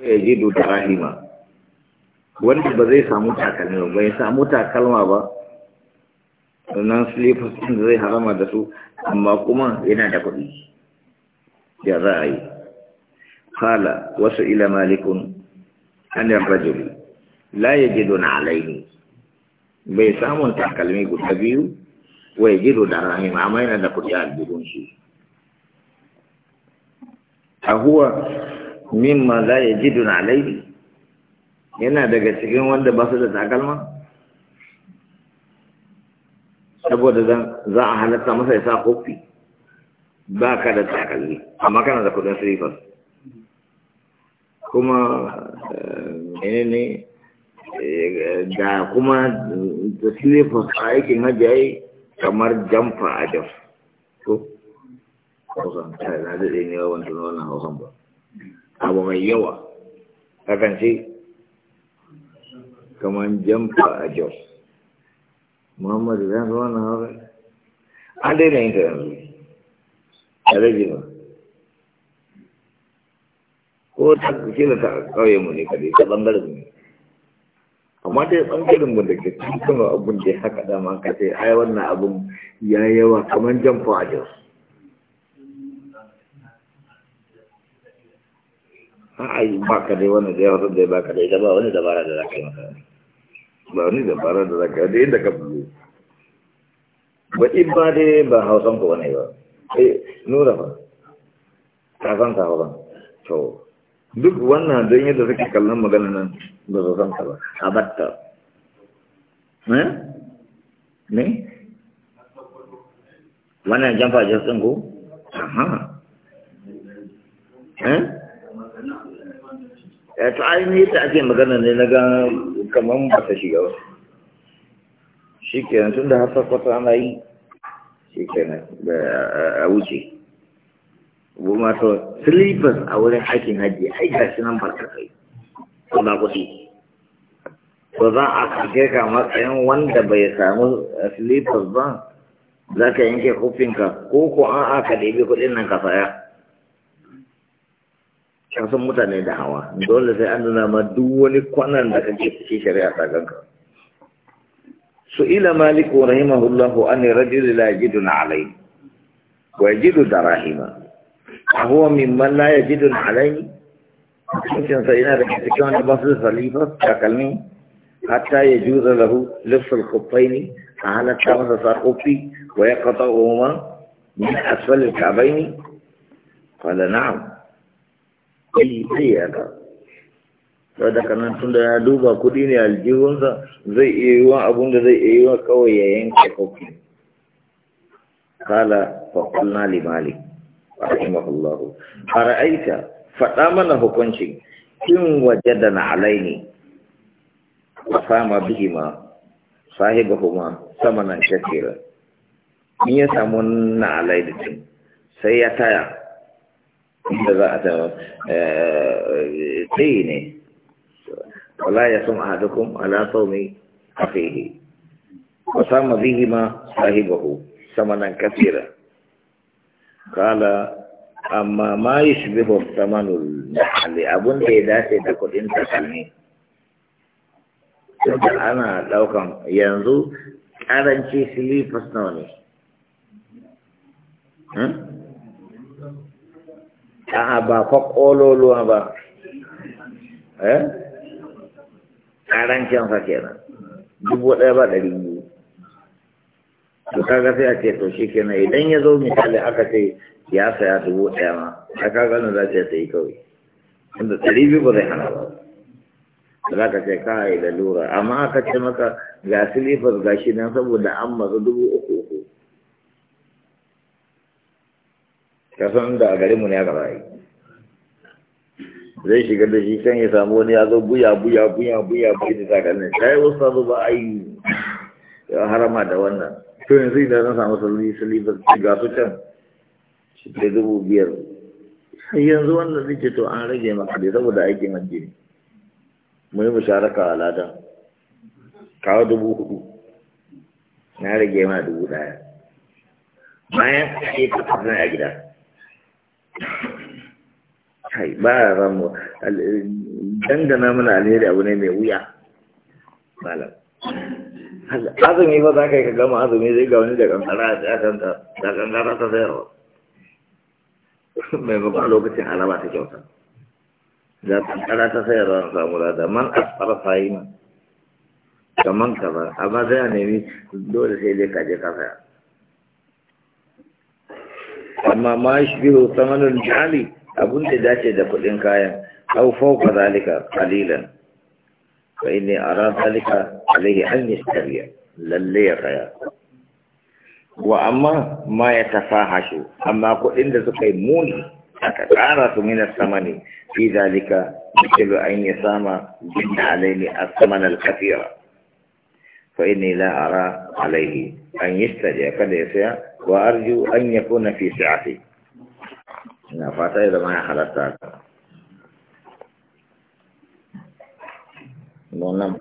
ya ji da rahima wanda ba zai samu takalmi ba ya samu takalma ba sannan slippers ɗin zai harama da su amma kuma yana da kuɗi ya za a yi kala wasu ila malikun hanyar rajuli la ya ji na alaini bai samun takalmi guda biyu wa ya ji da rahima amma yana da kuɗi a albidun shi a huwa Min mimma la ji alaihi yana daga cikin wanda ba su da takalma saboda zan, za a halatta masa ya sa kofi ba ka da takalmi amma kana da kudin sirifar kuma ne ne da kuma da sirifar a aikin hajji kamar jamfa a jamfa ko hausa ta na daɗe ne wa wancan wannan hausan ba abu mai yawa kakan ce kamar jamfa a jos muhammadu zan zuwa na hawa an daina yin yanzu a rage ba ko ta da ta kawai mu ne kadai ta mu ne amma dai bangaren mu da ke cikin abun da ya haka dama ka ce ai wannan abun ya yawa kamar jamfa a jos ai ba ka dai wani da yawa da ba ka dai da ba wani dabara da za ka yi masa ba wani dabara da za ka yi da inda ka bugu ba in ba dai ba hausan ku wani ba eh nura ba ka san ta hausan to duk wannan don yadda suke kallon magana nan ba su san ta ba a batta ne eh? wannan jamfa jinsin ku aha Eh, ta ainihi ta ake magana ne na gan kamar ba ta shiga ba shi kenan tun da hasa kwata ana yi shi kenan a wuce ma to silifas a wurin aikin hajji ai ga shi nan barka kai ko na kuɗi to za a kake ka matsayin wanda bai samu eh, silifas ba za ka yanke ka? ko ko an aka ɗebi kuɗin nan ka saya kasan mutane da hawa dole sai an nuna ma duk wani kwanan da kake cikin shari'a ta ganka su su'ila maliku rahimahullahu anni rajul la yajidu alayhi wa yajidu darahima huwa mimman la yajidu alayhi mutum sai yana da cikin wani basu salifa kalmi hatta ya juza lahu lifsul khuffaini a halatta masa sarkofi wa ya qata'uhuma min asfalil ka'baini qala na'am kai zai yaga sau da kanan tun da ya duba kudi ne aljihunsa zai iya yi wa abun da zai iya yi wa kawai ya yanke kofi kala na limali rahimahullahu a ra'aita faɗa mana hukuncin kin waje da na alaini wa sama kuma sama samanan shakira in ya samu na alaini sai ya taya إذا بعته آه، طيني ولا يصوم أحدكم على صوم أخيه وصام بهما صاحبه ثمنا كثيرا قال أما ما يشبه الثمن المحلي أبن كيداتي تقول أنت سلمي كنت أنا لو كان ينزو أرنشي سلي فسنوني a'a ba fa ƙololuwa ba eh ƙarancin fa kenan dubu ɗaya ba ɗari biyu to kaga sai a ce to shi kenan idan ya zo misali aka ce ya saya dubu ɗaya ma a kaga nan za ta yi kawai inda ɗari biyu ba zai hana ba za ka ce ka yi da lura amma aka ce maka ga silifas ga shi nan saboda an masu dubu uku ka san da a garinmu ne aka rayu zai shiga da shi kan ya samu wani ya zo buya buya buya buya buya da ta sai wasu sabu ba a yi harama da wannan to yanzu idan na samu salli salli ba ga su can shi ta dubu biyar yanzu wannan zai ce to an rage maka dai saboda aikin hajji ne mu yi musharaka a ladan kawo dubu hudu na rage ma dubu daya bayan ka kafin a gida kai ba ya ramu dangana mana alheri abu ne mai wuya malam azumi ba za ka yi ka gama azumi zai ga wani da kankara a tsakanta da kankara ta sayarwa mai bakon lokacin alama ta kyauta da kankara ta sayarwa na samu da man asfara fahimta kaman kaza amma zai a nemi dole sai dai kaje ka saya amma ma shi biyu tsamanin jihali abin da dace da kudin kayan au fauka zalika kalilan ba ne a ran zalika alaihi an yi lalle ya kaya wa amma ma ya tafa hashe amma kudin da suka yi muni aka tsara su minar sama ne fi zalika mutulu an yi sama jinda alaihi ne a saman alkafiya fa ina la'ara alaihi an yi tsariya kada ya saya وأرجو أن يكون في سعتي نفعت إذا ما حلتها ونم